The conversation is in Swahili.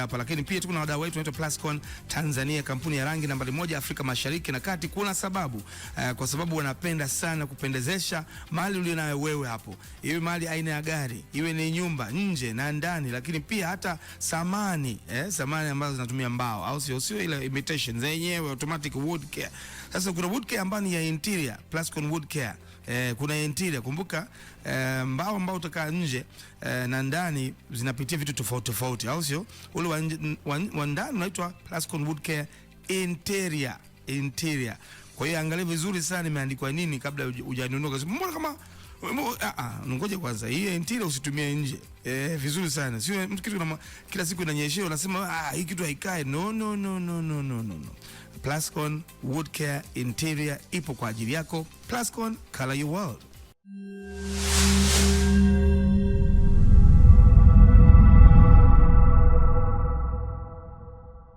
hapa lakini pia tuko na wadau wetu wanaitwa Plascon Tanzania, kampuni ya rangi nambari moja Afrika Mashariki na Kati. Kuna sababu uh, kwa sababu wanapenda sana kupendezesha mali ulionayo wewe hapo, iwe mali aina ya gari, iwe ni nyumba nje na ndani, lakini pia hata samani eh, samani ambazo zinatumia mbao au sio, sio ile imitation zenyewe automatic wood care. Sasa kuna wood care ambayo ni ya interior, Plascon wood care eh, kuna interior. Kumbuka eh, mbao ambao utakaa nje eh, na ndani zinapitia vitu tofauti tofauti, au sio? ule wa ndani unaitwa Plascon Wood Care Interior Interior. Kwa hiyo angalia vizuri sana nimeandikwa nini kabla hujanunua. Mbona kama ah, ah, ngoja kwanza, hii interior usitumie nje. Eh, vizuri sana sio mtu kitu kuna kila siku inanyeshea unasema ah, hii kitu haikae. No, no, no, no, no, no, no. Plascon Wood Care Interior ipo kwa ajili yako. Plascon, color your world.